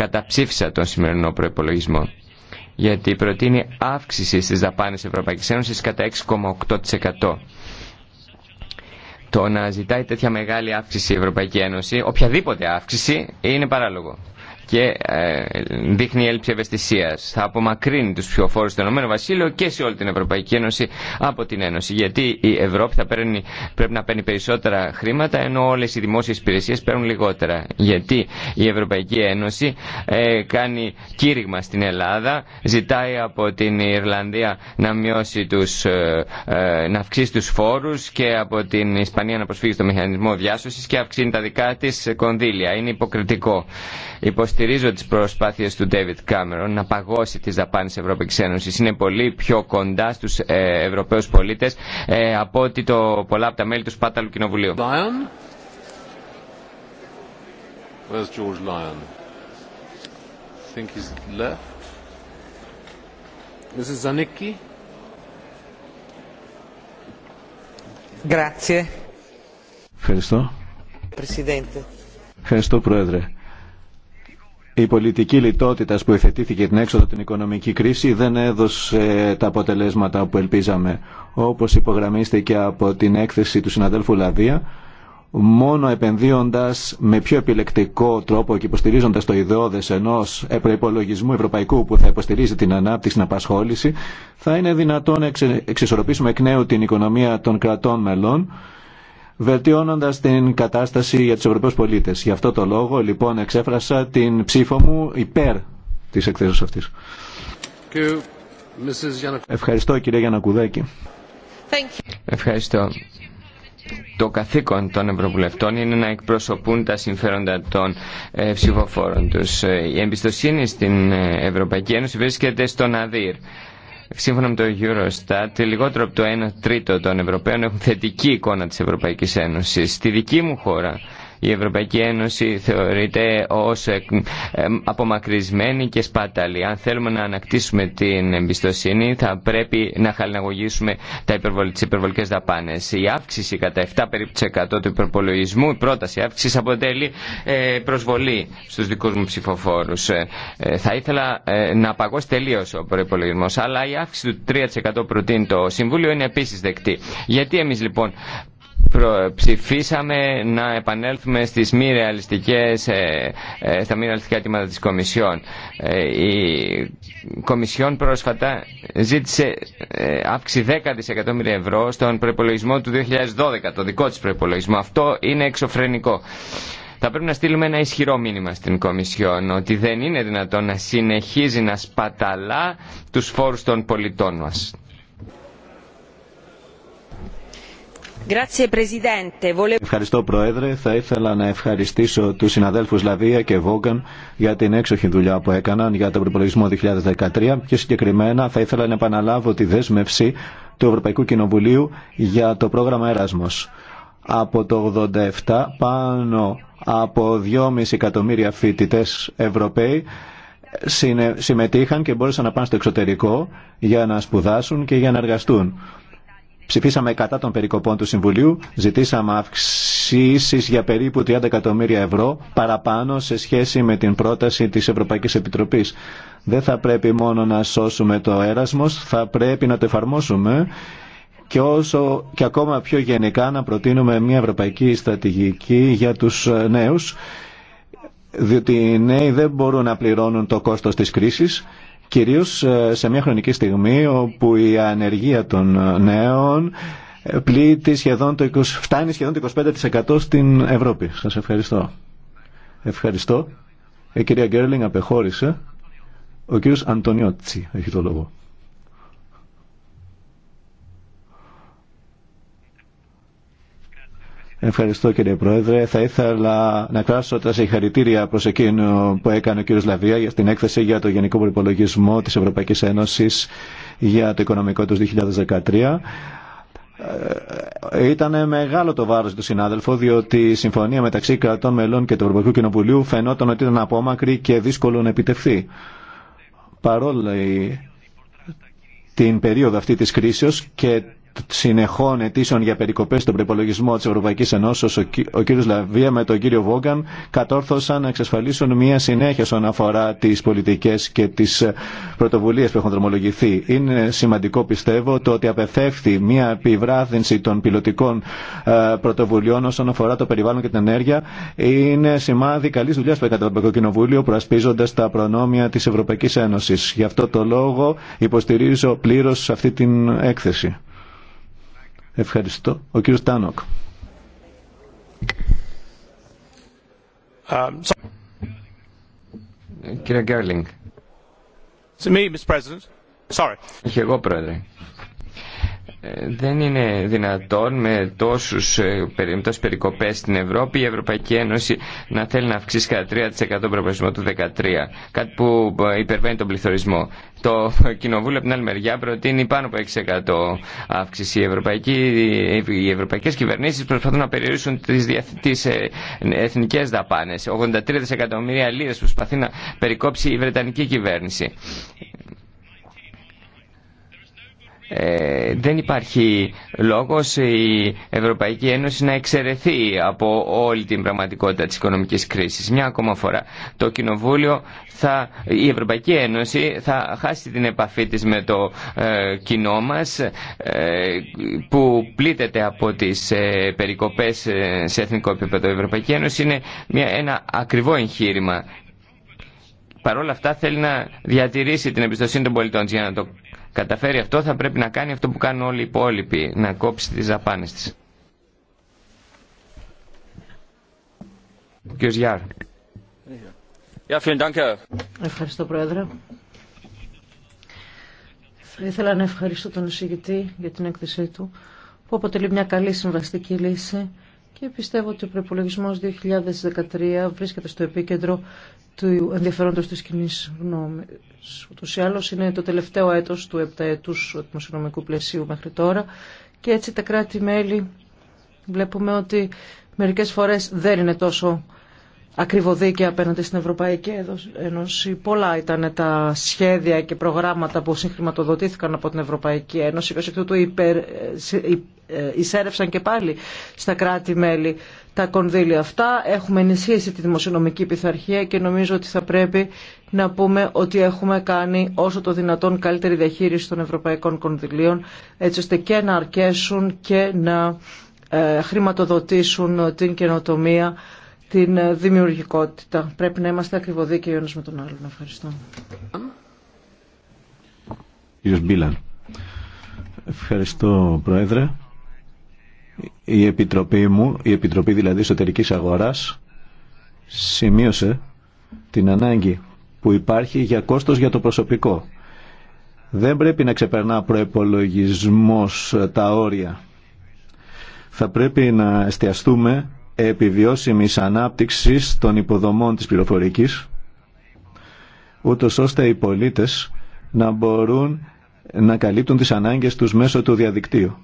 καταψήφισα τον σημερινό προπολογισμό. Γιατί προτείνει αύξηση στις δαπάνες Ευρωπαϊκής Ένωσης κατά 6,8%. Το να ζητάει τέτοια μεγάλη αύξηση η Ευρωπαϊκή Ένωση, οποιαδήποτε αύξηση, είναι παράλογο και ε, δείχνει έλλειψη ευαισθησία. Θα απομακρύνει του ψηφοφόρου του Ηνωμένο Βασίλειο και σε όλη την Ευρωπαϊκή Ένωση από την Ένωση. Γιατί η Ευρώπη θα παίρνει, πρέπει να παίρνει περισσότερα χρήματα, ενώ όλε οι δημόσιε υπηρεσίε παίρνουν λιγότερα. Γιατί η Ευρωπαϊκή Ένωση ε, κάνει κήρυγμα στην Ελλάδα, ζητάει από την Ιρλανδία να, μειώσει τους, ε, ε, να αυξήσει του φόρου και από την Ισπανία να προσφύγει στο μηχανισμό διάσωση και αυξήνει τα δικά τη κονδύλια. Είναι υποκριτικό υποστηρίζω τις προσπάθειες του David Cameron να παγώσει τις δαπάνες Ευρωπαϊκής Ένωσης. Είναι πολύ πιο κοντά στους ε, Ευρωπαίους πολίτες ε, από ότι το πολλά από τα μέλη του Σπάταλου Κοινοβουλίου. George Lyon? think left. Grazie. Ευχαριστώ. Presidente. Ευχαριστώ, Πρόεδρε η πολιτική λιτότητα που εφετήθηκε την έξοδο την οικονομική κρίση δεν έδωσε τα αποτελέσματα που ελπίζαμε. Όπω υπογραμμίστηκε από την έκθεση του συναδέλφου Λαδία, μόνο επενδύοντα με πιο επιλεκτικό τρόπο και υποστηρίζοντα το ιδεώδε ενό προπολογισμού ευρωπαϊκού που θα υποστηρίζει την ανάπτυξη, την απασχόληση, θα είναι δυνατόν να εξισορροπήσουμε εκ νέου την οικονομία των κρατών μελών Βελτιώνοντα την κατάσταση για του Ευρωπαίους πολίτε. Γι' αυτό το λόγο λοιπόν εξέφρασα την ψήφο μου υπέρ της εκθέσεως αυτής. Ευχαριστώ κυρία Γιανακουδάκη. Ευχαριστώ. Το καθήκον των Ευρωβουλευτών είναι να εκπροσωπούν τα συμφέροντα των ε, ψηφοφόρων τους. Ε, η εμπιστοσύνη στην ε, Ευρωπαϊκή Ένωση βρίσκεται στον ΑΔΙΡ σύμφωνα με το Eurostat, λιγότερο από το 1 τρίτο των Ευρωπαίων έχουν θετική εικόνα της Ευρωπαϊκής Ένωσης. Στη δική μου χώρα, η Ευρωπαϊκή Ένωση θεωρείται ως ε, ε, απομακρυσμένη και σπάταλη. Αν θέλουμε να ανακτήσουμε την εμπιστοσύνη θα πρέπει να χαλιναγωγήσουμε τα υπερβολ, τις υπερβολικές δαπάνες. Η αύξηση κατά 7 περίπου του υπερπολογισμού, η πρόταση αύξηση αποτελεί ε, προσβολή στους δικούς μου ψηφοφόρους. Θα ήθελα να παγώσει τελείω ο προπολογισμό, αλλά η αύξηση του 3% προτείνει το Συμβούλιο είναι επίση δεκτή. Γιατί εμεί λοιπόν ψηφίσαμε να επανέλθουμε στις μη ρεαλιστικές, ε, ε, στα μη ρεαλιστικά αιτήματα της Κομισιόν. Ε, η Κομισιόν πρόσφατα ζήτησε αύξηση 10 δισεκατομμύρια ευρώ στον προπολογισμό του 2012, το δικό της προπολογισμό. Αυτό είναι εξωφρενικό. Θα πρέπει να στείλουμε ένα ισχυρό μήνυμα στην Κομισιόν ότι δεν είναι δυνατόν να συνεχίζει να σπαταλά τους φόρους των πολιτών μας. Ευχαριστώ Πρόεδρε. Θα ήθελα να ευχαριστήσω τους συναδέλφους Λαβία και Βόγκαν για την έξοχη δουλειά που έκαναν για τον προπολογισμό 2013 και συγκεκριμένα θα ήθελα να επαναλάβω τη δέσμευση του Ευρωπαϊκού Κοινοβουλίου για το πρόγραμμα Erasmus. Από το 87 πάνω από 2,5 εκατομμύρια φοιτητέ Ευρωπαίοι συμμετείχαν και μπόρεσαν να πάνε στο εξωτερικό για να σπουδάσουν και για να εργαστούν. Ψηφίσαμε κατά των περικοπών του Συμβουλίου, ζητήσαμε αυξήσει για περίπου 30 εκατομμύρια ευρώ παραπάνω σε σχέση με την πρόταση τη Ευρωπαϊκή Επιτροπή. Δεν θα πρέπει μόνο να σώσουμε το έρασμο, θα πρέπει να το εφαρμόσουμε και, όσο, και ακόμα πιο γενικά να προτείνουμε μια ευρωπαϊκή στρατηγική για τους νέου διότι οι νέοι δεν μπορούν να πληρώνουν το κόστος της κρίσης κυρίως ε, σε μια χρονική στιγμή όπου η ανεργία των νέων ε, πλήττει σχεδόν το 20, φτάνει σχεδόν το 25% στην Ευρώπη. Σας ευχαριστώ. Ευχαριστώ. Η ε, κυρία Γκέρλινγκ απεχώρησε. Ο κύριος Αντωνιώτσι έχει το λόγο. Ευχαριστώ κύριε Πρόεδρε. Θα ήθελα να κράσω τα συγχαρητήρια προ εκείνο που έκανε ο κύριος Λαβία για την έκθεση για το Γενικό Προπολογισμό της Ευρωπαϊκής Ένωσης για το οικονομικό του 2013. Ε, ήταν μεγάλο το βάρος του συνάδελφου διότι η συμφωνία μεταξύ κρατών μελών και του Ευρωπαϊκού Κοινοβουλίου φαινόταν ότι ήταν απόμακρη και δύσκολο να επιτευχθεί. Παρόλο την περίοδο αυτή της κρίσεως και συνεχών αιτήσεων για περικοπέ στον προπολογισμό τη Ευρωπαϊκή Ενώσεω, ο κ. Λαβία με τον κ. Βόγκαν κατόρθωσαν να εξασφαλίσουν μια συνέχεια στον αφορά τι πολιτικέ και τι ε, πρωτοβουλίε που έχουν δρομολογηθεί. Είναι σημαντικό, πιστεύω, το ότι απεθεύθη μια επιβράδυνση των πιλωτικών ε, πρωτοβουλειών όσον αφορά το περιβάλλον και την ενέργεια. Είναι σημάδι καλή δουλειά που έκανε το Ευρωπαϊκό Κοινοβούλιο προασπίζοντα τα προνόμια τη Ευρωπαϊκή Ένωση. Γι' αυτό το λόγο υποστηρίζω πλήρω αυτή την έκθεση. Ευχαριστώ. Ο κύριος Τάνοκ. Um, Κύριε Γκέρλινγκ. Είμαι me, Mr. President. Sorry. εγώ, Πρόεδρε δεν είναι δυνατόν με τόσους, ε, με περικοπές στην Ευρώπη η Ευρωπαϊκή Ένωση να θέλει να αυξήσει κατά 3% τον προβληματισμό του 13 κάτι που ε, υπερβαίνει τον πληθωρισμό το Κοινοβούλιο από την άλλη μεριά προτείνει πάνω από 6% αύξηση οι ευρωπαϊκές κυβερνήσεις προσπαθούν να περιορίσουν τις, τις ε, εθνικές δαπάνες 83 δισεκατομμύρια λίρες προσπαθεί να περικόψει η Βρετανική κυβέρνηση ε, δεν υπάρχει λόγος η Ευρωπαϊκή Ένωση να εξαιρεθεί από όλη την πραγματικότητα της οικονομικής κρίσης. Μια ακόμα φορά το Κοινοβούλιο, θα, η Ευρωπαϊκή Ένωση θα χάσει την επαφή της με το ε, κοινό μας ε, που πλήττεται από τις περικοπές σε εθνικό επίπεδο. Η Ευρωπαϊκή Ένωση είναι μια, ένα ακριβό εγχείρημα. Παρ' όλα αυτά θέλει να διατηρήσει την εμπιστοσύνη των πολιτών για να το καταφέρει αυτό θα πρέπει να κάνει αυτό που κάνουν όλοι οι υπόλοιποι, να κόψει τις δαπάνες της. Κύριος Γιάρ. Ευχαριστώ Πρόεδρε. Θα ήθελα να ευχαριστώ τον εισηγητή για την έκθεσή του που αποτελεί μια καλή συμβαστική λύση και πιστεύω ότι ο προπολογισμό 2013 βρίσκεται στο επίκεντρο του ενδιαφέροντος της κοινή γνώμη. Ούτω ή άλλω είναι το τελευταίο έτος του επταετού δημοσιονομικού πλαισίου μέχρι τώρα και έτσι τα κράτη-μέλη βλέπουμε ότι μερικές φορές δεν είναι τόσο ακριβοδίκαια απέναντι στην Ευρωπαϊκή Ένωση. Πολλά ήταν τα σχέδια και προγράμματα που συγχρηματοδοτήθηκαν από την Ευρωπαϊκή Ένωση και ω εκ εισέρευσαν και πάλι στα κράτη-μέλη τα κονδύλια αυτά. Έχουμε ενισχύσει τη δημοσιονομική πειθαρχία και νομίζω ότι θα πρέπει να πούμε ότι έχουμε κάνει όσο το δυνατόν καλύτερη διαχείριση των ευρωπαϊκών κονδυλίων έτσι ώστε και να αρκέσουν και να ε, χρηματοδοτήσουν την καινοτομία, την δημιουργικότητα. Πρέπει να είμαστε ακριβοδίκαιοι ένας με τον άλλον. Ευχαριστώ. Ευχαριστώ, Πρόεδρε η Επιτροπή μου, η Επιτροπή δηλαδή εσωτερική Αγοράς, σημείωσε την ανάγκη που υπάρχει για κόστος για το προσωπικό. Δεν πρέπει να ξεπερνά προεπολογισμός τα όρια. Θα πρέπει να εστιαστούμε επιβιώσιμης ανάπτυξης των υποδομών της πληροφορικής, ούτως ώστε οι πολίτες να μπορούν να καλύπτουν τις ανάγκες τους μέσω του διαδικτύου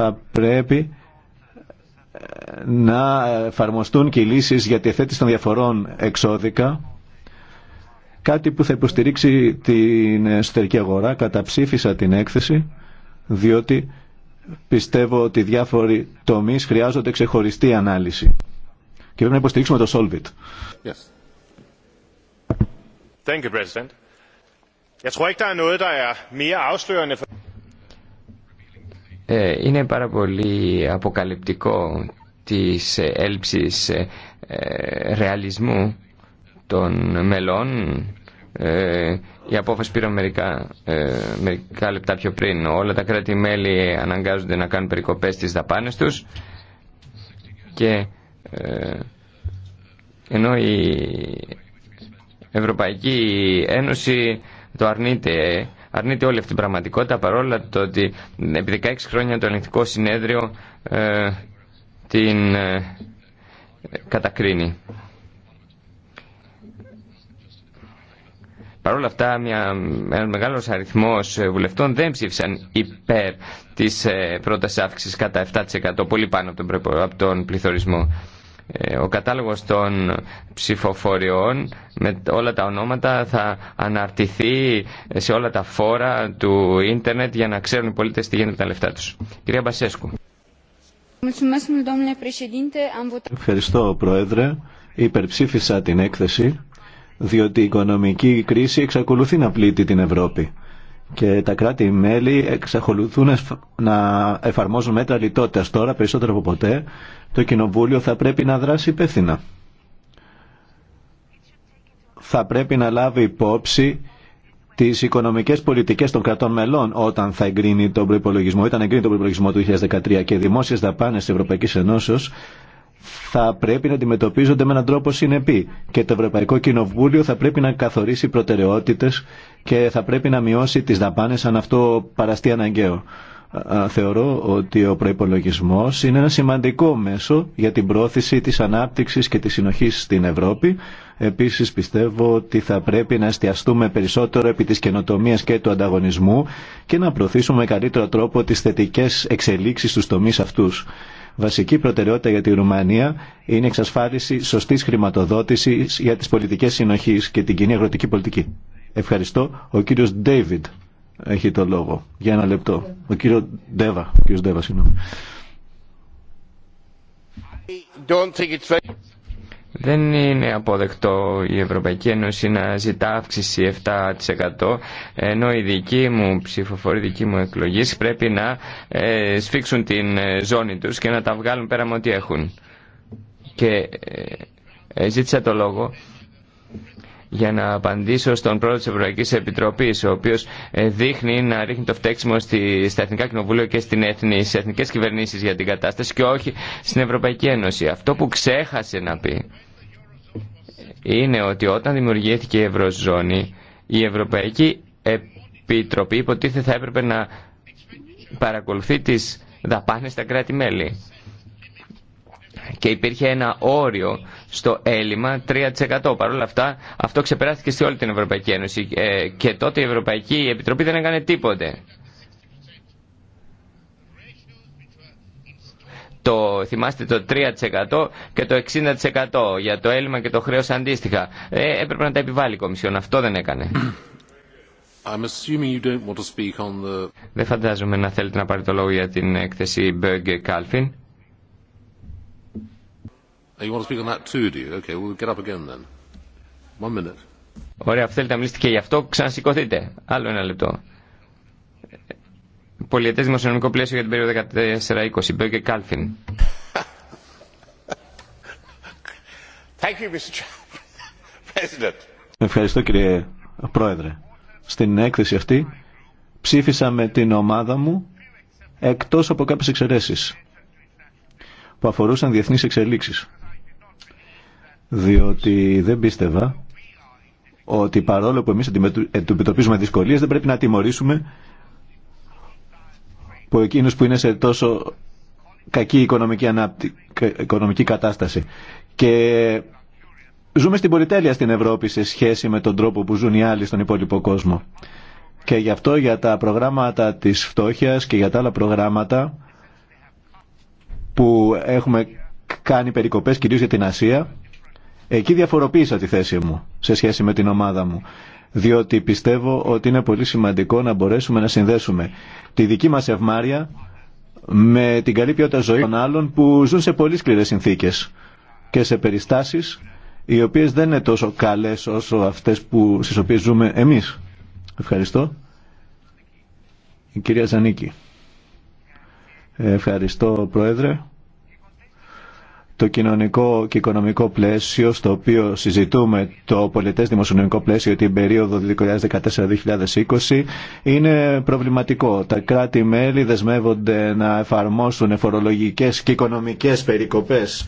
θα πρέπει ε, να εφαρμοστούν και οι λύσεις για τη θέτηση των διαφορών εξώδικα κάτι που θα υποστηρίξει την εσωτερική αγορά καταψήφισα την έκθεση διότι πιστεύω ότι διάφοροι τομείς χρειάζονται ξεχωριστή ανάλυση και πρέπει να υποστηρίξουμε το Solvit. Yes. Ε, είναι πάρα πολύ αποκαλυπτικό της ε, ρεαλισμού των μελών ε, η απόφαση πήρα μερικά, ε, μερικά λεπτά πιο πριν όλα τα κράτη-μέλη αναγκάζονται να κάνουν περικοπές στις δαπάνες τους και ενώ η Ευρωπαϊκή Ένωση το αρνείται αρνείται όλη αυτή την πραγματικότητα παρόλα το ότι επί 16 χρόνια το Ελληνικό συνέδριο ε, την ε, κατακρίνει. Παρ' όλα αυτά, μια, μεγάλο μεγάλος αριθμός ε, βουλευτών δεν ψήφισαν υπέρ της ε, αύξηση κατά 7% πολύ πάνω από τον, από τον πληθωρισμό. Ε, ο κατάλογος των ψηφοφοριών με όλα τα ονόματα θα αναρτηθεί σε όλα τα φόρα του ίντερνετ για να ξέρουν οι πολίτες τι γίνεται με τα λεφτά τους. Κυρία Μπασέσκου. Ευχαριστώ Πρόεδρε. Υπερψήφισα την έκθεση διότι η οικονομική κρίση εξακολουθεί να πλήττει την Ευρώπη και τα κράτη-μέλη εξακολουθούν να εφαρμόζουν μέτρα λιτότητα Τώρα, περισσότερο από ποτέ, το Κοινοβούλιο θα πρέπει να δράσει υπεύθυνα. Θα πρέπει να λάβει υπόψη τις οικονομικές πολιτικές των κρατών μελών όταν θα εγκρίνει τον προϋπολογισμό, ήταν εγκρίνει τον προϋπολογισμό του 2013 και οι δημόσιες δαπάνες της Ευρωπαϊκής Ενώσεως θα πρέπει να αντιμετωπίζονται με έναν τρόπο συνεπή και το Ευρωπαϊκό Κοινοβούλιο θα πρέπει να καθορίσει προτεραιότητες και θα πρέπει να μειώσει τις δαπάνες αν αυτό παραστεί αναγκαίο. Θεωρώ ότι ο προπολογισμό είναι ένα σημαντικό μέσο για την πρόθεση της ανάπτυξης και τη συνοχής στην Ευρώπη. Επίσης πιστεύω ότι θα πρέπει να εστιαστούμε περισσότερο επί της καινοτομίας και του ανταγωνισμού και να προωθήσουμε με καλύτερο τρόπο τις θετικές εξελίξεις στους τομείς αυτούς. Βασική προτεραιότητα για τη Ρουμανία είναι η εξασφάλιση σωστή χρηματοδότηση για τι πολιτικέ συνοχή και την κοινή αγροτική πολιτική. Ευχαριστώ. Ο κύριο Ντέιβιντ έχει το λόγο. Για ένα λεπτό. Ο κύριο Ντέβα. Ο κύριος Ντέβα, συγγνώμη. Δεν είναι αποδεκτό η Ευρωπαϊκή Ένωση να ζητά αύξηση 7% ενώ η δική μου ψηφοφοροί, μου εκλογής πρέπει να ε, σφίξουν την ε, ζώνη τους και να τα βγάλουν πέρα με ό,τι έχουν. Και ε, ε ζήτησα το λόγο για να απαντήσω στον πρόεδρο τη Ευρωπαϊκή Επιτροπή, ο οποίο ε, δείχνει να ρίχνει το φταίξιμο στη, στα Εθνικά Κοινοβούλια και στι εθνικέ κυβερνήσει για την κατάσταση και όχι στην Ευρωπαϊκή Ένωση. Αυτό που ξέχασε να πει είναι ότι όταν δημιουργήθηκε η Ευρωζώνη, η Ευρωπαϊκή Επιτροπή υποτίθεται θα έπρεπε να παρακολουθεί τι δαπάνε στα κράτη-μέλη και υπήρχε ένα όριο στο έλλειμμα 3%. Παρ' όλα αυτά αυτό ξεπεράστηκε σε όλη την Ευρωπαϊκή Ένωση ε, και τότε η Ευρωπαϊκή Επιτροπή δεν έκανε τίποτε. το, θυμάστε το 3% και το 60% για το έλλειμμα και το χρέος αντίστοιχα. Ε, έπρεπε να τα επιβάλλει η Κομισιόν. Αυτό δεν έκανε. Δεν φαντάζομαι να θέλετε να πάρετε το λόγο για την έκθεση Berg Κάλφιν. Ωραία, αφού θέλετε να μιλήσετε και γι' αυτό, ξανασηκωθείτε. Άλλο ένα λεπτό. Πολιετές δημοσιονομικό πλαίσιο για την περίοδο 14-20. και Κάλφιν. Ευχαριστώ κύριε Πρόεδρε. Στην έκθεση αυτή ψήφισα με την ομάδα μου εκτός από κάποιες εξαιρέσεις που αφορούσαν διεθνείς εξελίξεις διότι δεν πίστευα ότι παρόλο που εμείς αντιμετωπίζουμε δυσκολίες δεν πρέπει να τιμωρήσουμε που εκείνους που είναι σε τόσο κακή οικονομική, ανάπτυ... οικονομική κατάσταση. Και ζούμε στην πολυτέλεια στην Ευρώπη σε σχέση με τον τρόπο που ζουν οι άλλοι στον υπόλοιπο κόσμο. Και γι' αυτό για τα προγράμματα της φτώχειας και για τα άλλα προγράμματα που έχουμε κάνει περικοπές κυρίως για την Ασία Εκεί διαφοροποίησα τη θέση μου σε σχέση με την ομάδα μου. Διότι πιστεύω ότι είναι πολύ σημαντικό να μπορέσουμε να συνδέσουμε τη δική μας ευμάρεια με την καλή ποιότητα ζωή των άλλων που ζουν σε πολύ σκληρές συνθήκες και σε περιστάσεις οι οποίες δεν είναι τόσο καλές όσο αυτές που, στις οποίες ζούμε εμείς. Ευχαριστώ. Η κυρία Ζανίκη. Ευχαριστώ, Πρόεδρε το κοινωνικό και οικονομικό πλαίσιο στο οποίο συζητούμε το πολιτές δημοσιονομικό πλαίσιο την περίοδο 2014-2020 είναι προβληματικό. Τα κράτη-μέλη δεσμεύονται να εφαρμόσουν εφορολογικές και οικονομικές περικοπές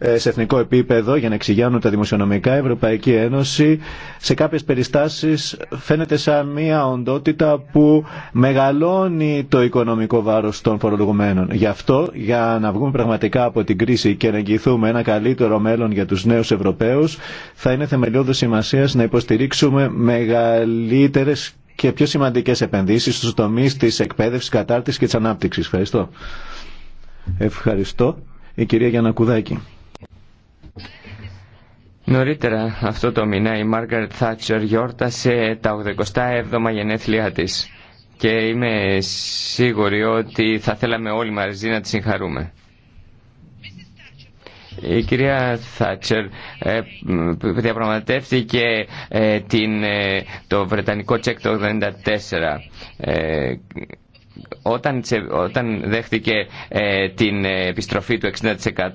ε, σε εθνικό επίπεδο για να εξηγιάνουν τα δημοσιονομικά. Η Ευρωπαϊκή Ένωση σε κάποιες περιστάσεις φαίνεται σαν μια οντότητα που μεγαλώνει το οικονομικό βάρος των φορολογουμένων. Γι' αυτό, για να βγούμε πραγματικά από την κρίση και να εγγυηθούμε ένα καλύτερο μέλλον για τους νέους Ευρωπαίους, θα είναι θεμελιώδος σημασία να υποστηρίξουμε μεγαλύτερες και πιο σημαντικέ επενδύσει στου τομεί τη εκπαίδευση, κατάρτιση και τη ανάπτυξη. Ευχαριστώ. Ευχαριστώ. Η κυρία Γιανακουδάκη. Νωρίτερα αυτό το μήνα η Μάργαρετ Θάτσερ γιόρτασε τα 87 γενέθλιά της και είμαι σίγουρη ότι θα θέλαμε όλοι μαζί να τη συγχαρούμε. Η κυρία Θάτσερ ε, διαπραγματεύτηκε ε, ε, το Βρετανικό τσέκ το 1994 όταν, όταν δέχτηκε ε, την επιστροφή του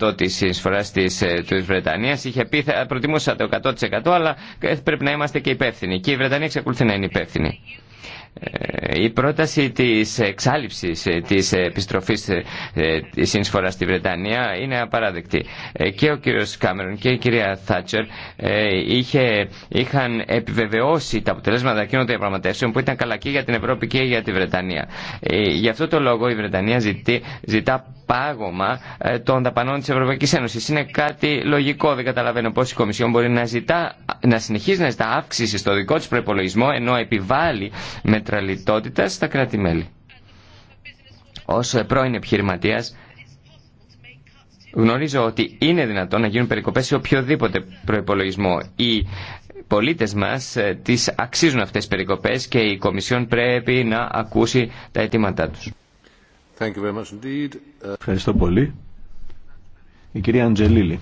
60% της εισφοράς της, ε, της Βρετανίας είχε πει θα προτιμούσα το 100% αλλά ε, πρέπει να είμαστε και υπεύθυνοι και η Βρετανία εξακολουθεί να είναι υπεύθυνη. Ε, η πρόταση της εξάλληψης ε, της επιστροφής ε, της σύνσφορας στη Βρετανία είναι απαράδεκτη. Και ο κύριος Κάμερον και η κυρία Θάτσερ είχε, είχαν επιβεβαιώσει τα αποτελέσματα εκείνων των διαπραγματεύσεων που ήταν καλά και για την Ευρώπη και για τη Βρετανία. Γι' αυτό το λόγο η Βρετανία ζητά πάγωμα των δαπανών της Ευρωπαϊκής Ένωσης. Είναι κάτι λογικό, δεν καταλαβαίνω πώς η Κομισιόν μπορεί να, ζητά, να συνεχίζει να ζητά αύξηση στο δικό της προπολογισμό ενώ επιβάλλει με μέτρα στα κράτη-μέλη. Ως πρώην επιχειρηματίας γνωρίζω ότι είναι δυνατόν να γίνουν περικοπές σε οποιοδήποτε προϋπολογισμό. Οι πολίτες μας ε, τις αξίζουν αυτές τις περικοπές και η Κομισιόν πρέπει να ακούσει τα αιτήματά τους. Ευχαριστώ πολύ. Η κυρία Αντζελίλη.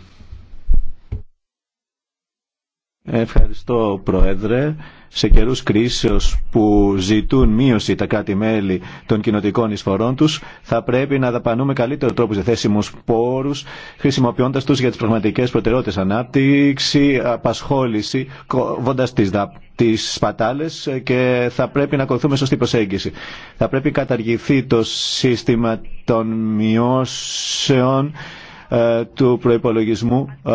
Ευχαριστώ Πρόεδρε. Σε καιρού κρίσεως που ζητούν μείωση τα κάτι μελη των κοινοτικών εισφορών τους, θα πρέπει να δαπανούμε καλύτερο τρόπο θέσιμους πόρους, χρησιμοποιώντας τους για τις πραγματικές προτεραιότητε, ανάπτυξη, απασχόληση, κόβοντας τι δα... σπατάλες και θα πρέπει να ακολουθούμε σωστή προσέγγιση. Θα πρέπει καταργηθεί το σύστημα των μειώσεων ε, του προϋπολογισμού ε,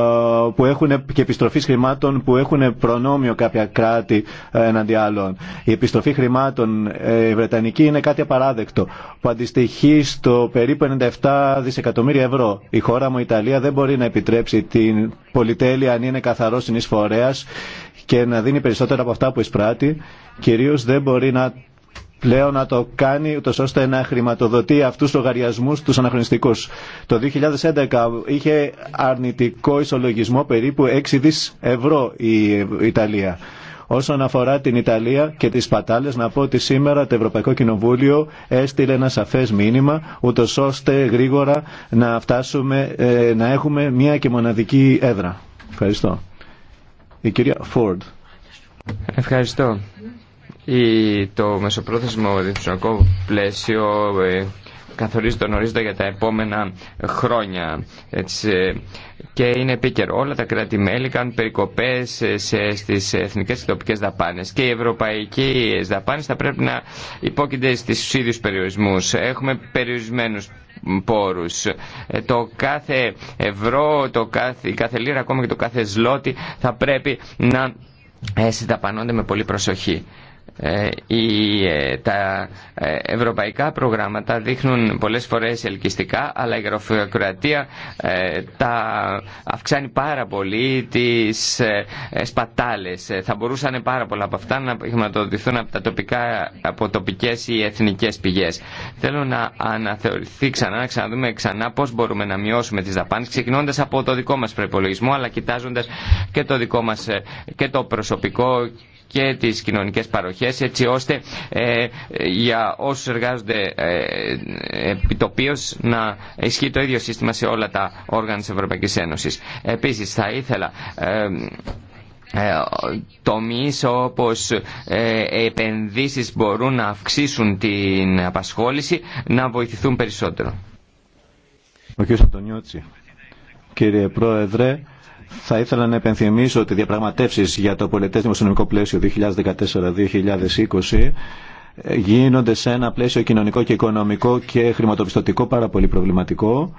που έχουν και επιστροφής χρημάτων που έχουν προνόμιο κάποια κράτη ε, εναντί άλλων. Η επιστροφή χρημάτων η Βρετανική είναι κάτι απαράδεκτο που αντιστοιχεί στο περίπου 97 δισεκατομμύρια ευρώ. Η χώρα μου η Ιταλία δεν μπορεί να επιτρέψει την πολυτέλεια αν είναι καθαρός συνεισφορέας και να δίνει περισσότερα από αυτά που εισπράττει. Κυρίως δεν μπορεί να πλέον να το κάνει ούτως ώστε να χρηματοδοτεί αυτούς τους λογαριασμούς τους αναχρονιστικούς. Το 2011 είχε αρνητικό ισολογισμό περίπου 6 δις ευρώ η Ιταλία. Όσον αφορά την Ιταλία και τις πατάλες, να πω ότι σήμερα το Ευρωπαϊκό Κοινοβούλιο έστειλε ένα σαφές μήνυμα, ούτω ώστε γρήγορα να φτάσουμε, ε, να έχουμε μία και μοναδική έδρα. Ευχαριστώ. Η κυρία Φόρντ. Ευχαριστώ το μεσοπρόθεσμο διευθυντικό πλαίσιο ε, καθορίζει τον ορίζοντα για τα επόμενα χρόνια έτσι, ε, και είναι επίκαιρο. Όλα τα κράτη-μέλη κάνουν περικοπές ε, σε, στις εθνικές και τοπικές δαπάνες και οι ευρωπαϊκές δαπάνες θα πρέπει να υπόκεινται στου ίδιους περιορισμούς. Έχουμε περιορισμένους πόρους. Το κάθε ευρώ, το κάθε, η κάθε λίρα, ακόμα και το κάθε σλότι θα πρέπει να συνταπανώνται με πολύ προσοχή. Ε, ε, τα ε, ευρωπαϊκά προγράμματα δείχνουν πολλές φορές ελκυστικά αλλά η γραφειοκρατία τα αυξάνει πάρα πολύ τις σπατάλες θα μπορούσαν πάρα πολλά από αυτά να χρηματοδοτηθούν από, τα τοπικά, από τοπικές ή εθνικές πηγές θέλω να αναθεωρηθεί ξανά να ξαναδούμε ξανά πώς μπορούμε να μειώσουμε τις δαπάνες ξεκινώντας από το δικό μας προπολογισμό αλλά κοιτάζοντας και το δικό μας και το προσωπικό και τις κοινωνικές παροχές έτσι ώστε ε, για όσους εργάζονται ε, επιτοπίως να ισχύει το ίδιο σύστημα σε όλα τα όργανα της Ευρωπαϊκής Ένωσης. Επίσης θα ήθελα ε, ε τομείς όπως ε, επενδύσεις μπορούν να αυξήσουν την απασχόληση να βοηθηθούν περισσότερο. Ο κ. Κύριε Πρόεδρε, θα ήθελα να επενθυμίσω ότι οι διαπραγματεύσεις για το πολιτές δημοσιονομικό πλαίσιο 2014-2020 ε, γίνονται σε ένα πλαίσιο κοινωνικό και οικονομικό και χρηματοπιστωτικό πάρα πολύ προβληματικό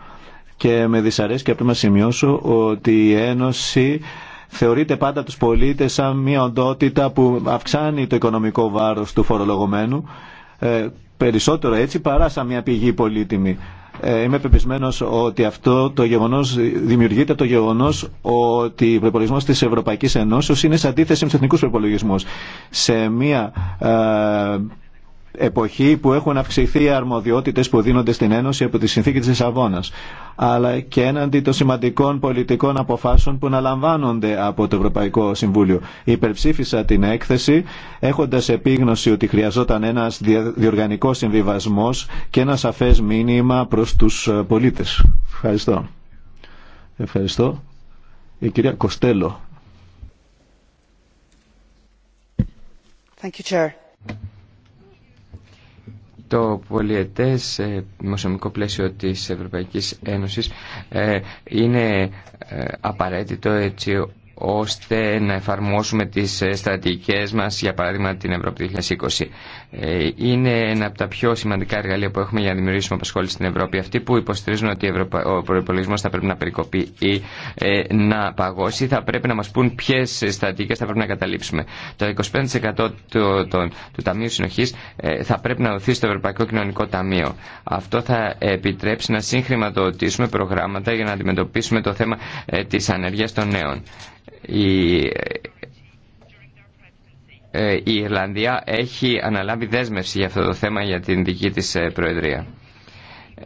και με δυσαρέσκεια πρέπει να σημειώσω ότι η Ένωση θεωρείται πάντα τους πολίτες σαν μια οντότητα που αυξάνει το οικονομικό βάρος του φορολογωμένου ε, περισσότερο έτσι παρά σαν μια πηγή πολύτιμη. Ε, είμαι πεπισμένο ότι αυτό το γεγονό δημιουργείται το γεγονό ότι ο προπολογισμό τη Ευρωπαϊκή Ενώσεω είναι σε αντίθεση με του εθνικού προπολογισμού. Σε μια ε, εποχή που έχουν αυξηθεί οι αρμοδιότητες που δίνονται στην Ένωση από τη συνθήκη της Λισαβόνα, αλλά και έναντι των σημαντικών πολιτικών αποφάσεων που αναλαμβάνονται από το Ευρωπαϊκό Συμβούλιο. Υπερψήφισα την έκθεση έχοντας επίγνωση ότι χρειαζόταν ένας διοργανικός συμβιβασμός και ένα σαφές μήνυμα προς τους ε, πολίτες. Ευχαριστώ. Ευχαριστώ. Η κυρία Κοστέλο. Thank you, Chair το πολιετές ε, μοσομικό πλαίσιο της Ευρωπαϊκής Ένωσης ε, είναι ε, απαραίτητο έτσι ώστε να εφαρμόσουμε τις ε, στρατηγικές μας, για παράδειγμα την Ευρώπη 2020. Ε, είναι ένα από τα πιο σημαντικά εργαλεία που έχουμε για να δημιουργήσουμε απασχόληση στην Ευρώπη. Αυτοί που υποστηρίζουν ότι ο προπολογισμό θα πρέπει να περικοπεί ή ε, να παγώσει, θα πρέπει να μας πούν ποιε στρατηγικές θα πρέπει να καταλήψουμε. Το 25% του, του Ταμείου Συνοχής θα πρέπει να δοθεί στο Ευρωπαϊκό Κοινωνικό Ταμείο. Αυτό θα επιτρέψει να συγχρηματοδοτήσουμε προγράμματα για να αντιμετωπίσουμε το θέμα της ανεργίας των νέων η, ε, η Ιρλανδία έχει αναλάβει δέσμευση για αυτό το θέμα για την δική της ε, Προεδρία.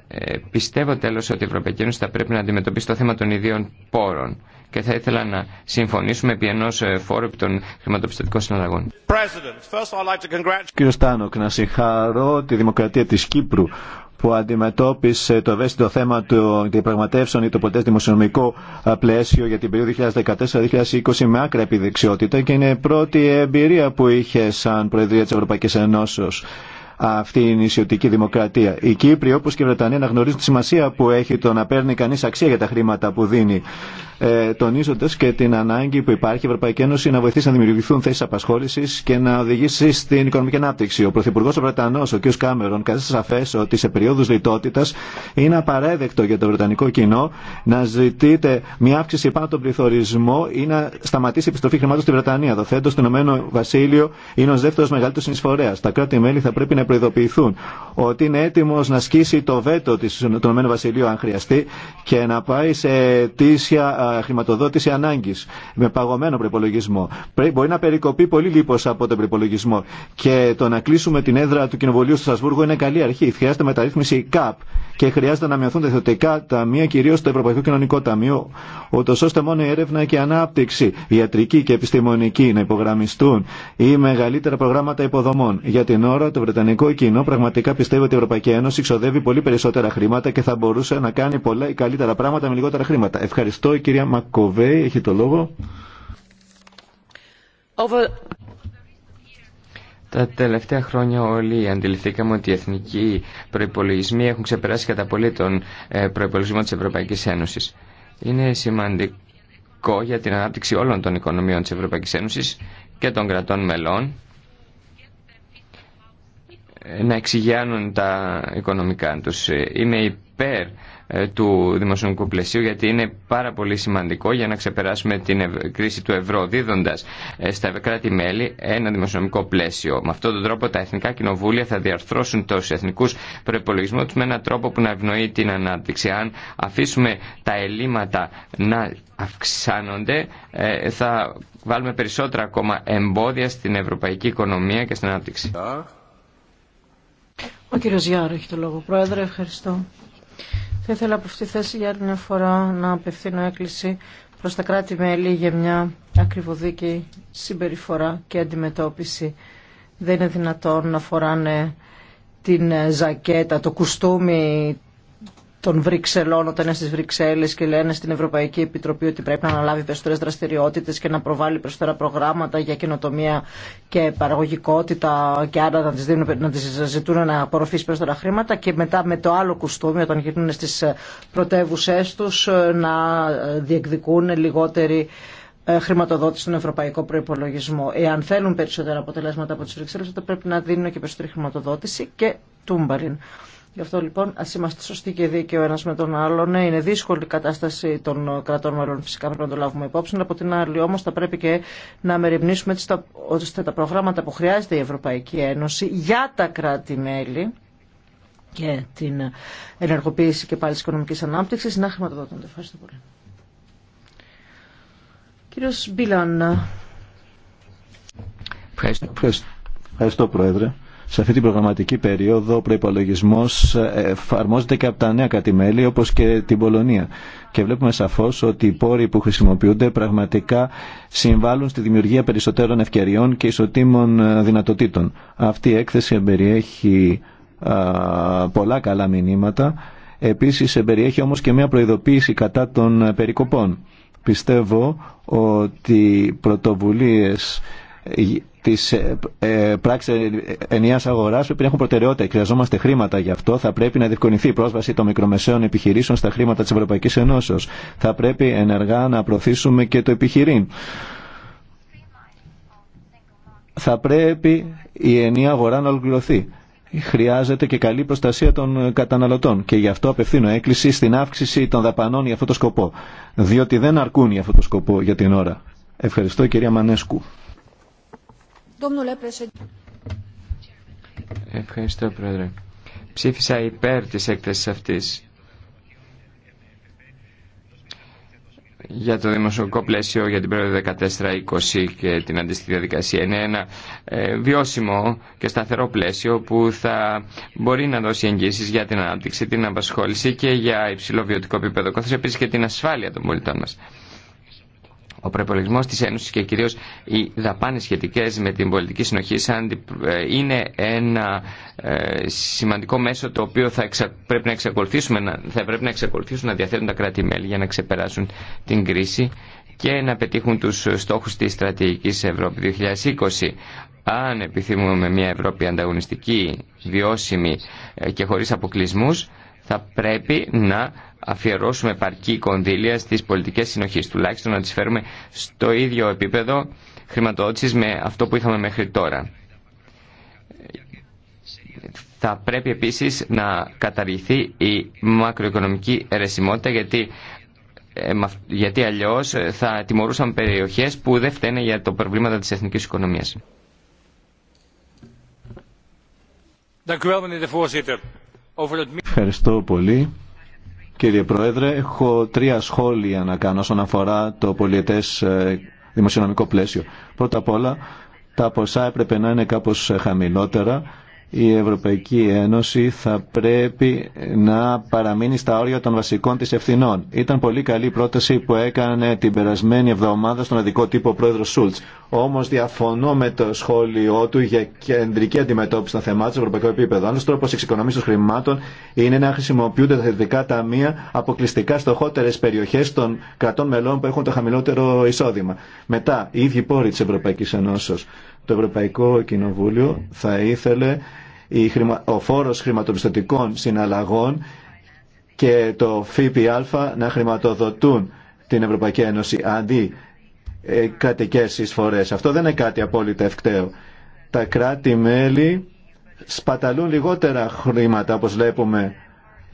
Ε, πιστεύω τέλος ότι η Ευρωπαϊκή Ένωση θα πρέπει να αντιμετωπίσει το θέμα των ιδίων πόρων και θα ήθελα να συμφωνήσουμε επί ενός φόρου επί των χρηματοπιστωτικών συναλλαγών. Κύριο Στάνοκ, να συγχαρώ τη δημοκρατία της Κύπρου που αντιμετώπισε το ευαίσθητο θέμα των διαπραγματεύσεων ή το ποτέ δημοσιονομικό πλαίσιο για την περίοδο 2014-2020 με άκρα επιδεξιότητα και είναι η πρώτη εμπειρία που είχε σαν Προεδρία της Ευρωπαϊκής Ενώσεως αυτή η νησιωτική δημοκρατία. Οι Κύπροι όπως και η Βρετανία αναγνωρίζουν τη σημασία που έχει το να παίρνει κανείς αξία για τα χρήματα που δίνει ε, τονίζοντα και την ανάγκη που υπάρχει η Ευρωπαϊκή Ένωση να βοηθήσει να δημιουργηθούν θέσει απασχόληση και να οδηγήσει στην οικονομική ανάπτυξη. Ο Πρωθυπουργό ο Βρετανό, ο κ. Κάμερον, κατέστησε σαφέ ότι σε περίοδου λιτότητα είναι απαραίτητο για το βρετανικό κοινό να ζητείτε μια αύξηση πάνω τον πληθωρισμό ή να σταματήσει η επιστροφή χρημάτων στη Βρετανία. Δοθέντω, το Ηνωμένο Βασίλειο είναι ο δεύτερο μεγαλύτερο συνεισφορέα. Τα κράτη-μέλη θα πρέπει να προειδοποιηθούν ότι είναι έτοιμο να σκίσει το βέτο του Ηνωμένου Βασιλείου αν χρειαστεί και να πάει σε αιτήσια χρηματοδότηση ανάγκη με παγωμένο προπολογισμό. Μπορεί να περικοπεί πολύ λίπο από τον προπολογισμό. Και το να κλείσουμε την έδρα του Κοινοβουλίου του Στρασβούργο είναι καλή αρχή. Χρειάζεται μεταρρύθμιση η ΚΑΠ και χρειάζεται να μειωθούν τα μία ταμεία, κυρίω το Ευρωπαϊκό Κοινωνικό Ταμείο, ούτω ώστε μόνο η έρευνα και η ανάπτυξη, ιατρική και επιστημονική να υπογραμμιστούν ή μεγαλύτερα προγράμματα υποδομών. Για την ώρα, το Βρετανικό κοινό πραγματικά πιστεύει ότι η Ευρωπαϊκή Ένωση ξοδεύει πολύ περισσότερα χρήματα και θα μπορούσε να κάνει πολλά ή καλύτερα πράγματα με λιγότερα χρήματα. Ευχαριστώ, κυρία Κυρία έχει το λόγο. Τα τελευταία χρόνια όλοι αντιληφθήκαμε ότι οι εθνικοί προπολογισμοί έχουν ξεπεράσει κατά πολύ τον ε, προπολογισμό της Ευρωπαϊκής Ένωσης. Είναι σημαντικό για την ανάπτυξη όλων των οικονομιών της Ευρωπαϊκής Ένωσης και των κρατών μελών να εξηγιάνουν τα οικονομικά τους. Είναι υπέρ ε, του δημοσιονομικού πλαισίου γιατί είναι πάρα πολύ σημαντικό για να ξεπεράσουμε την κρίση του ευρώ δίδοντας ε, στα κράτη-μέλη ένα δημοσιονομικό πλαίσιο. Με αυτόν τον τρόπο τα εθνικά κοινοβούλια θα διαρθρώσουν τους εθνικούς προπολογισμού του με έναν τρόπο που να ευνοεί την ανάπτυξη. Αν αφήσουμε τα ελλείμματα να αυξάνονται ε, θα βάλουμε περισσότερα ακόμα εμπόδια στην ευρωπαϊκή οικονομία και στην ανάπτυξη. Ο κύριο Γιάρο έχει το λόγο. Πρόεδρε, ευχαριστώ. Θα ήθελα από αυτή τη θέση για άλλη μια φορά να απευθύνω έκκληση προ τα κράτη-μέλη για μια ακριβοδίκη συμπεριφορά και αντιμετώπιση. Δεν είναι δυνατόν να φοράνε την ζακέτα, το κουστούμι των Βρυξελών όταν είναι στι Βρυξέλλε και λένε στην Ευρωπαϊκή Επιτροπή ότι πρέπει να αναλάβει περισσότερε δραστηριότητε και να προβάλλει περισσότερα προγράμματα για καινοτομία και παραγωγικότητα και άρα να τι να τις ζητούν να απορροφήσει περισσότερα χρήματα και μετά με το άλλο κουστούμι όταν γίνουν στι πρωτεύουσέ του να διεκδικούν λιγότερη ε, χρηματοδότηση στον ευρωπαϊκό προπολογισμό. Εάν θέλουν περισσότερα αποτελέσματα από τι Βρυξέλλε, τότε πρέπει να δίνουν και περισσότερη χρηματοδότηση και τούμπαριν. Γι' αυτό λοιπόν α είμαστε σωστοί και δίκαιοι ο ένα με τον άλλον. Ναι, είναι δύσκολη η κατάσταση των ε, κρατών μελών, φυσικά πρέπει να το λάβουμε υπόψη. Από την άλλη όμω θα πρέπει και να μεριμνήσουμε ώστε τα προγράμματα που χρειάζεται η Ευρωπαϊκή Ένωση για τα κράτη-μέλη και την ενεργοποίηση και πάλι τη οικονομική ανάπτυξη να χρηματοδοτούνται. Ευχαριστώ πολύ. Κύριος Μπίλαν. Ευχαριστώ, Πρόεδρε. Σε αυτή την προγραμματική περίοδο ο προπολογισμό εφαρμόζεται και από τα νέα κατημέλη όπω και την Πολωνία. Και βλέπουμε σαφώ ότι οι πόροι που χρησιμοποιούνται πραγματικά συμβάλλουν στη δημιουργία περισσότερων ευκαιριών και ισοτήμων δυνατοτήτων. Αυτή η έκθεση περιέχει πολλά καλά μηνύματα. Επίσης εμπεριέχει όμως και μια προειδοποίηση κατά των περικοπών. Πιστεύω ότι πρωτοβουλίες τη ε, ε, πράξη ενιαία αγορά πρέπει να έχουν προτεραιότητα. Χρειαζόμαστε χρήματα γι' αυτό. Θα πρέπει να διευκολυνθεί η πρόσβαση των μικρομεσαίων επιχειρήσεων στα χρήματα τη Ευρωπαϊκή Ενώσεω. Θα πρέπει ενεργά να προωθήσουμε και το επιχειρήν. Θα πρέπει η ενιαία αγορά να ολοκληρωθεί. Χρειάζεται και καλή προστασία των καταναλωτών και γι' αυτό απευθύνω έκκληση στην αύξηση των δαπανών για αυτό το σκοπό. Διότι δεν αρκούν για αυτό το σκοπό για την ώρα. Ευχαριστώ κυρία Μανέσκου. Ευχαριστώ, Πρόεδρε. Ψήφισα υπέρ της έκθεσης αυτής. για το δημοσιογικό πλαίσιο για την περίοδο 14-20 και την αντίστοιχη διαδικασία. Είναι ένα ε, βιώσιμο και σταθερό πλαίσιο που θα μπορεί να δώσει εγγύσεις για την ανάπτυξη, την απασχόληση και για υψηλό βιωτικό επίπεδο, καθώς επίσης και την ασφάλεια των πολιτών μας ο προπολογισμό τη Ένωση και κυρίω οι δαπάνε σχετικέ με την πολιτική συνοχή ε, είναι ένα ε, σημαντικό μέσο το οποίο θα, πρέπει να εξακολουθήσουμε, θα πρέπει να εξακολουθήσουν να διαθέτουν τα κράτη-μέλη για να ξεπεράσουν την κρίση και να πετύχουν τους στόχους της στρατηγικής Ευρώπη 2020. Αν επιθυμούμε μια Ευρώπη ανταγωνιστική, βιώσιμη ε, και χωρίς αποκλεισμούς, θα πρέπει να αφιερώσουμε επαρκή κονδύλια στις πολιτικές συνοχές, τουλάχιστον να τις φέρουμε στο ίδιο επίπεδο χρηματοδότησης με αυτό που είχαμε μέχρι τώρα. Θα πρέπει επίσης να καταργηθεί η μακροοικονομική ρεσιμότητα, γιατί, ε, γιατί αλλιώς θα τιμωρούσαν περιοχές που δεν φταίνε για το προβλήματα της εθνικής οικονομίας. Dank u wel, meneer de voorzitter Ευχαριστώ πολύ. Κύριε Πρόεδρε, έχω τρία σχόλια να κάνω όσον αφορά το πολιετές ε, δημοσιονομικό πλαίσιο. Πρώτα απ' όλα, τα ποσά έπρεπε να είναι κάπως χαμηλότερα η Ευρωπαϊκή Ένωση θα πρέπει να παραμείνει στα όρια των βασικών της ευθυνών. Ήταν πολύ καλή η πρόταση που έκανε την περασμένη εβδομάδα στον ειδικό τύπο ο πρόεδρος Σούλτς. Όμως διαφωνώ με το σχόλιο του για κεντρική αντιμετώπιση των θεμάτων σε ευρωπαϊκό επίπεδο. Άλλος τρόπος των χρημάτων είναι να χρησιμοποιούνται τα θετικά ταμεία αποκλειστικά στοχότερες περιοχές των κρατών μελών που έχουν το χαμηλότερο εισόδημα. Μετά, οι ίδιοι πόροι της Ευρωπαϊκής Ενώσεως το Ευρωπαϊκό Κοινοβούλιο θα ήθελε ο φόρος χρηματοπιστωτικών συναλλαγών και το ΦΠΑ να χρηματοδοτούν την Ευρωπαϊκή Ένωση αντί ε, κρατικές εισφορές. Αυτό δεν είναι κάτι απόλυτα ευκταίο. Τα κράτη-μέλη σπαταλούν λιγότερα χρήματα, όπως βλέπουμε,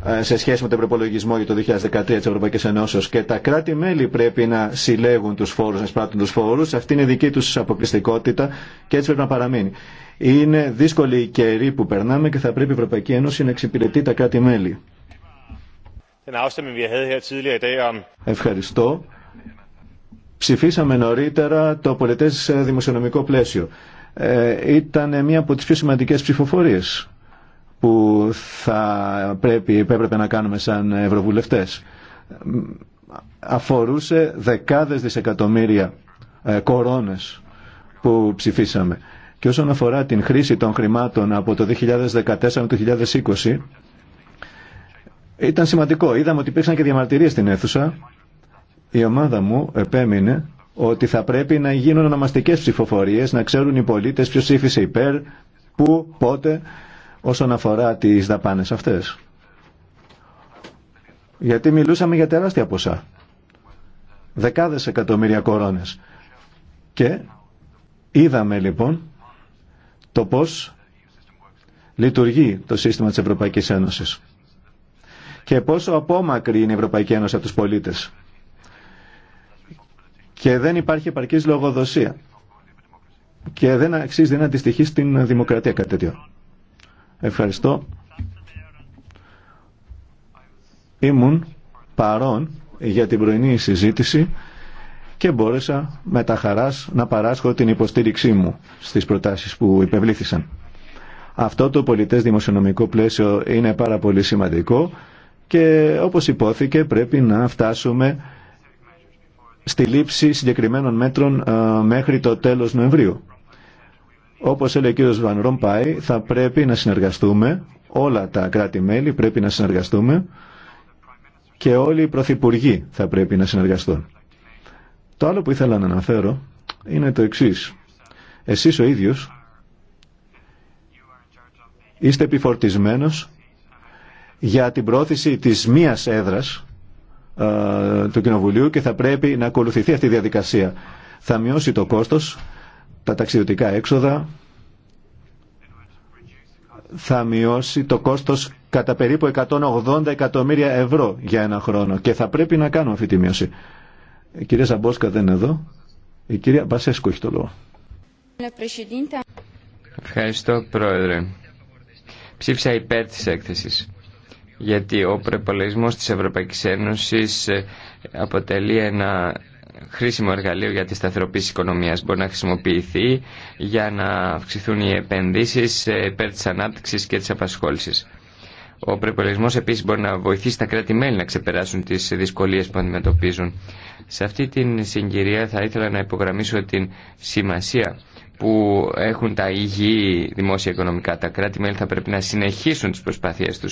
ε, σε σχέση με τον προπολογισμό για το 2013 της Ευρωπαϊκής Ενώσεως και τα κράτη-μέλη πρέπει να συλλέγουν τους φόρους, να εισπράττουν τους φόρους. Αυτή είναι δική τους αποκλειστικότητα και έτσι πρέπει να παραμείνει. Είναι δύσκολη η καιρή που περνάμε και θα πρέπει η Ευρωπαϊκή Ένωση να εξυπηρετεί τα κράτη-μέλη. Ευχαριστώ. Ψηφίσαμε νωρίτερα το πολιτές δημοσιονομικό πλαίσιο. Ε, ήταν μια από τις πιο σημαντικές ψηφοφορίες που θα πρέπει, έπρεπε να κάνουμε σαν ευρωβουλευτές. Αφορούσε δεκάδες δισεκατομμύρια ε, κορώνες που ψηφίσαμε. Και όσον αφορά την χρήση των χρημάτων από το 2014 με το 2020, ήταν σημαντικό. Είδαμε ότι υπήρξαν και διαμαρτυρίες στην αίθουσα. Η ομάδα μου επέμεινε ότι θα πρέπει να γίνουν ονομαστικές ψηφοφορίες, να ξέρουν οι πολίτες ποιος ψήφισε υπέρ, πού, πότε όσον αφορά τις δαπάνες αυτές. Γιατί μιλούσαμε για τεράστια ποσά. Δεκάδες εκατομμύρια κορώνες. Και είδαμε λοιπόν το πώς λειτουργεί το σύστημα της Ευρωπαϊκής Ένωσης. Και πόσο απόμακρη είναι η Ευρωπαϊκή Ένωση από τους πολίτες. Και δεν υπάρχει επαρκής λογοδοσία. Και δεν αξίζει, να αντιστοιχεί στην δημοκρατία κάτι τέτοιο. Ευχαριστώ. Ήμουν παρόν για την πρωινή συζήτηση και μπόρεσα με τα χαράς να παράσχω την υποστήριξή μου στις προτάσεις που υπευλήθησαν. Αυτό το πολιτές δημοσιονομικό πλαίσιο είναι πάρα πολύ σημαντικό και όπως υπόθηκε πρέπει να φτάσουμε στη λήψη συγκεκριμένων μέτρων ε, μέχρι το τέλος Νοεμβρίου. Όπως έλεγε ο κ. Βαν θα πρέπει να συνεργαστούμε, όλα τα κράτη-μέλη πρέπει να συνεργαστούμε και όλοι οι πρωθυπουργοί θα πρέπει να συνεργαστούν. Το άλλο που ήθελα να αναφέρω είναι το εξής. Εσείς ο ίδιος είστε επιφορτισμένος για την πρόθεση της μίας έδρας ε, του Κοινοβουλίου και θα πρέπει να ακολουθηθεί αυτή η διαδικασία. Θα μειώσει το κόστος, τα ταξιδιωτικά έξοδα θα μειώσει το κόστος κατά περίπου 180 εκατομμύρια ευρώ για ένα χρόνο και θα πρέπει να κάνουμε αυτή τη μείωση. Η κυρία Ζαμπόσκα δεν είναι εδώ. Η κυρία Μπασέσκου έχει το λόγο. Ευχαριστώ Πρόεδρε. Ψήφισα υπέρ της έκθεσης γιατί ο προπολογισμό της Ευρωπαϊκής Ένωσης ε, αποτελεί ένα χρήσιμο εργαλείο για τη σταθεροποίηση οικονομίας. Μπορεί να χρησιμοποιηθεί για να αυξηθούν οι επενδύσεις υπέρ της ανάπτυξης και της απασχόλησης. Ο προπολογισμό επίση μπορεί να βοηθήσει τα κράτη-μέλη να ξεπεράσουν τι δυσκολίε που αντιμετωπίζουν. Σε αυτή την συγκυρία θα ήθελα να υπογραμμίσω την σημασία που έχουν τα υγιή δημόσια οικονομικά. Τα κράτη-μέλη θα πρέπει να συνεχίσουν τι προσπάθειές του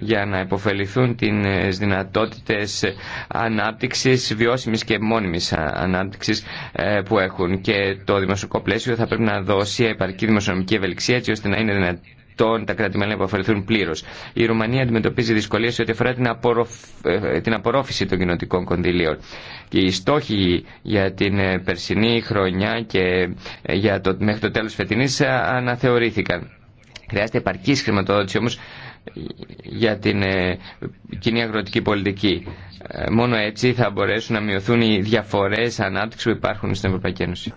για να υποφεληθούν τις ε, δυνατότητες ανάπτυξης, βιώσιμης και μόνιμης ανάπτυξης ε, που έχουν. Και το δημοσιοκό πλαίσιο θα πρέπει να δώσει επαρκή δημοσιονομική ευελιξία έτσι ώστε να είναι δυνατή τα κράτη-μέλη να υποφεληθούν πλήρω. Η Ρουμανία αντιμετωπίζει δυσκολίε σε ό,τι αφορά την, απορροφ... Ε, απορρόφηση των κοινοτικών κονδυλίων. Και οι στόχοι για την περσινή χρονιά και για το... μέχρι το τέλο φετινή αναθεωρήθηκαν. Χρειάζεται επαρκή χρηματοδότηση όμω για την ε, κοινή αγροτική πολιτική. Ε, μόνο έτσι θα μπορέσουν να μειωθούν οι διαφορές ανάπτυξη που υπάρχουν στην Ευρωπαϊκή Ένωση.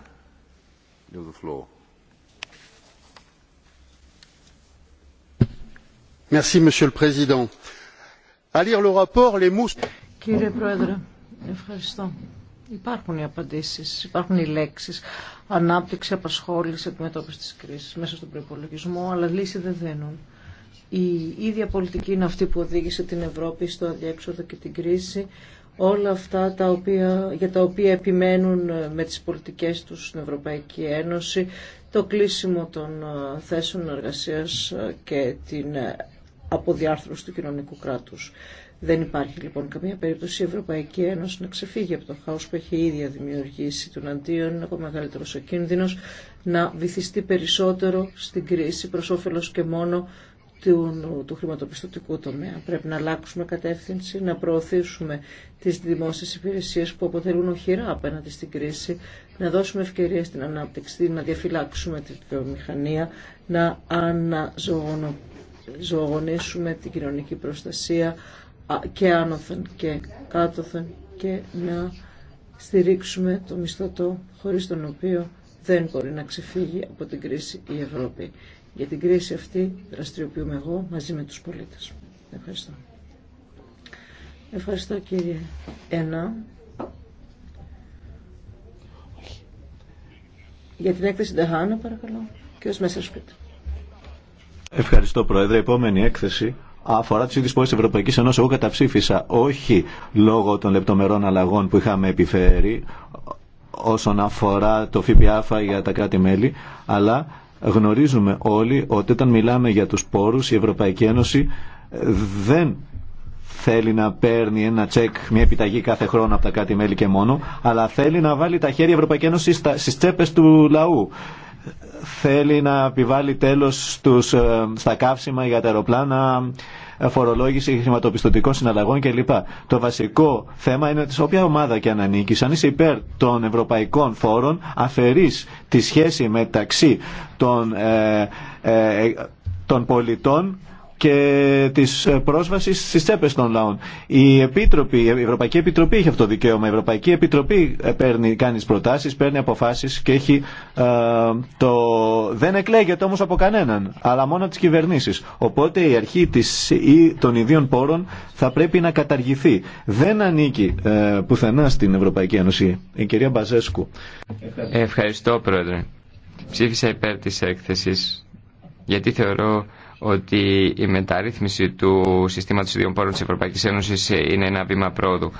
Κύριε Πρόεδρε, ευχαριστώ. Υπάρχουν οι απαντήσεις, υπάρχουν οι λέξεις. Ανάπτυξη, απασχόληση, αντιμετώπιση της κρίσης μέσα στον προπολογισμό, αλλά λύση δεν δίνουν η ίδια πολιτική είναι αυτή που οδήγησε την Ευρώπη στο αδιέξοδο και την κρίση. Όλα αυτά τα οποία, για τα οποία επιμένουν ε, με τις πολιτικές τους στην Ευρωπαϊκή Ένωση, το κλείσιμο των ε, θέσεων εργασίας ε, και την αποδιάρθρωση του κοινωνικού κράτους. Δεν υπάρχει λοιπόν καμία περίπτωση η Ευρωπαϊκή Ένωση να ξεφύγει από το χάος που έχει η ίδια δημιουργήσει. Τον αντίον είναι ακόμα μεγαλύτερο ο κίνδυνο να βυθιστεί περισσότερο στην κρίση προ όφελο και μόνο του, του χρηματοπιστωτικού τομέα. Πρέπει να αλλάξουμε κατεύθυνση, να προωθήσουμε τις δημόσιες υπηρεσίες που αποτελούν οχυρά απέναντι στην κρίση, να δώσουμε ευκαιρίες στην ανάπτυξη, να διαφυλάξουμε την βιομηχανία, να αναζωογονήσουμε την κοινωνική προστασία και άνωθεν και κάτωθεν και να στηρίξουμε το μισθωτό χωρίς τον οποίο δεν μπορεί να ξεφύγει από την κρίση η Ευρώπη. Για την κρίση αυτή δραστηριοποιούμε εγώ μαζί με τους πολίτες. Ευχαριστώ. Ευχαριστώ κύριε Ένα. Για την έκθεση Νταχάνα παρακαλώ. ως μέσα Σπίτι. Ευχαριστώ Πρόεδρε. Η επόμενη έκθεση αφορά τις ίδιε πόλει τη Ευρωπαϊκή Ένωση. Εγώ καταψήφισα όχι λόγω των λεπτομερών αλλαγών που είχαμε επιφέρει όσον αφορά το ΦΠΑ για τα κράτη-μέλη, αλλά Γνωρίζουμε όλοι ότι όταν μιλάμε για τους πόρους η Ευρωπαϊκή Ένωση δεν θέλει να παίρνει ένα τσεκ, μια επιταγή κάθε χρόνο από τα κάτι μέλη και μόνο, αλλά θέλει να βάλει τα χέρια η Ευρωπαϊκή Ένωση στις τσέπες του λαού. Θέλει να επιβάλλει τέλος στους, ε, στα καύσιμα για τα αεροπλάνα, φορολόγηση χρηματοπιστωτικών συναλλαγών κλπ. Το βασικό θέμα είναι ότι σε όποια ομάδα και αν ανήκει, αν είσαι υπέρ των ευρωπαϊκών φόρων, αφαιρεί τη σχέση μεταξύ των, ε, ε, των πολιτών και τη ε, πρόσβαση στι τσέπε των λαών. Η, Επίτροπη, η Ευρωπαϊκή Επιτροπή έχει αυτό το δικαίωμα. Η Ευρωπαϊκή Επιτροπή ε, παίρνει, κάνει προτάσει, παίρνει αποφάσεις και έχει, ε, το... δεν εκλέγεται όμως από κανέναν, αλλά μόνο τις κυβερνήσεις. Οπότε η αρχή της, ή των ιδίων πόρων θα πρέπει να καταργηθεί. Δεν ανήκει ε, πουθενά στην Ευρωπαϊκή Ένωση. Η κυρία Μπαζέσκου. Ευχαριστώ, Πρόεδρε. Ψήφισα υπέρ τη έκθεση, γιατί θεωρώ ότι η μεταρρύθμιση του συστήματος ιδιών πόρων της Ευρωπαϊκής Ένωσης είναι ένα βήμα πρόοδου.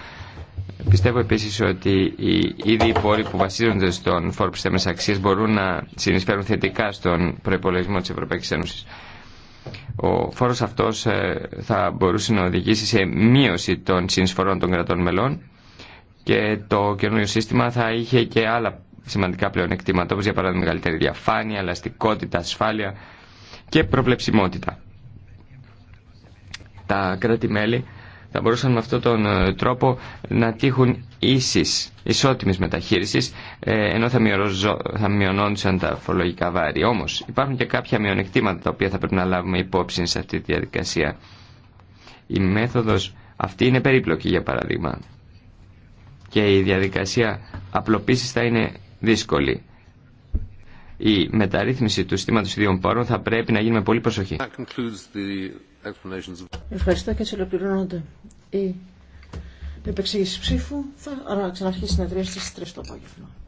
Πιστεύω επίσης ότι οι ίδιοι πόροι που βασίζονται στον φόρο πιστεύμες αξίες μπορούν να συνεισφέρουν θετικά στον προπολογισμό της Ευρωπαϊκής Ένωσης. Ο φόρος αυτός ε, θα μπορούσε να οδηγήσει σε μείωση των συνεισφορών των κρατών μελών και το καινούριο σύστημα θα είχε και άλλα σημαντικά πλεονεκτήματα όπως για παράδειγμα μεγαλύτερη διαφάνεια, ελαστικότητα, ασφάλεια και προβλεψιμότητα. Τα κράτη-μέλη θα μπορούσαν με αυτόν τον ε, τρόπο να τύχουν ίσης, ισότιμης μεταχείρισης, ε, ενώ θα, μειωνόντουσαν τα φορολογικά βάρη. Όμως υπάρχουν και κάποια μειονεκτήματα τα οποία θα πρέπει να λάβουμε υπόψη σε αυτή τη διαδικασία. Η μέθοδος αυτή είναι περίπλοκη για παράδειγμα και η διαδικασία απλοποίησης θα είναι δύσκολη η μεταρρύθμιση του συστήματος ιδίων πόρων θα πρέπει να γίνει με πολύ προσοχή. Ευχαριστώ και έτσι ολοκληρώνονται οι επεξηγήσει ψήφου. Θα ξαναρχίσει η συνεδρία στι 3 το απόγευμα.